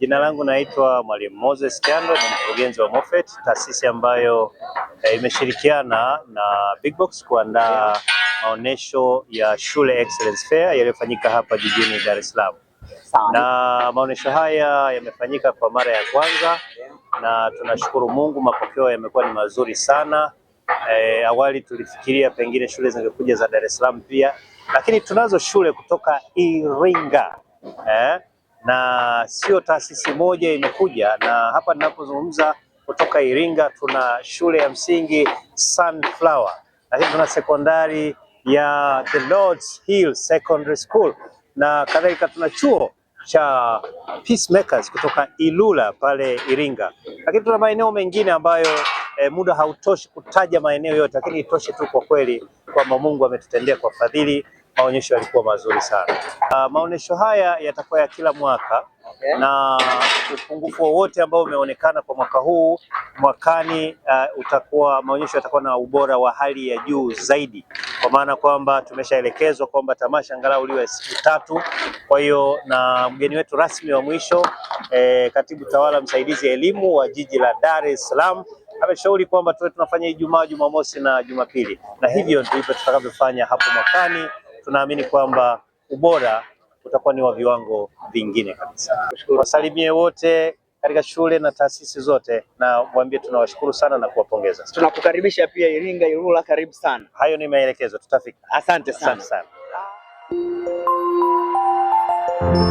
Jina langu naitwa Mwalimu Moses Kyando, ni mkurugenzi wa Mofet, taasisi ambayo eh, imeshirikiana na Big Box kuandaa maonesho ya Shule Excellence Fair yaliyofanyika hapa jijini Dar es Salaam. Na maonesho haya yamefanyika kwa mara ya kwanza na tunashukuru Mungu, mapokeo yamekuwa ni mazuri sana. Eh, awali tulifikiria pengine shule zingekuja za Dar es Salaam pia, lakini tunazo shule kutoka Iringa eh, na sio taasisi moja imekuja, na hapa ninapozungumza kutoka Iringa tuna shule ya msingi Sunflower, lakini tuna sekondari ya The Lord's Hill Secondary School na kadhalika, tuna chuo cha Peacemakers kutoka Ilula pale Iringa, lakini tuna maeneo mengine ambayo e, muda hautoshi kutaja maeneo yote, lakini itoshe tu kwa kweli kwamba Mungu ametutendea kwa fadhili maonyesho yalikuwa mazuri sana. Uh, maonyesho haya yatakuwa ya kila mwaka okay. Na upungufu wowote ambao umeonekana kwa mwaka huu mwakani, uh, utakuwa maonyesho yatakuwa na ubora wa hali ya juu zaidi, kwa maana kwamba tumeshaelekezwa kwamba tamasha angalau liwe siku tatu. Kwa hiyo na mgeni wetu rasmi wa mwisho eh, katibu tawala msaidizi elimu wa jiji la Dar es Salaam ameshauri kwamba tuwe tunafanya Ijumaa, Jumamosi na Jumapili, na hivyo ndivyo tutakavyofanya hapo mwakani tunaamini kwamba ubora utakuwa ni wa viwango vingine kabisa. Wasalimie wote katika shule na taasisi zote na mwambie tunawashukuru sana na kuwapongeza. Tunakukaribisha pia Iringa, Ilula, karibu sana. Hayo ni maelekezo, tutafika. Asante sana, asante sana.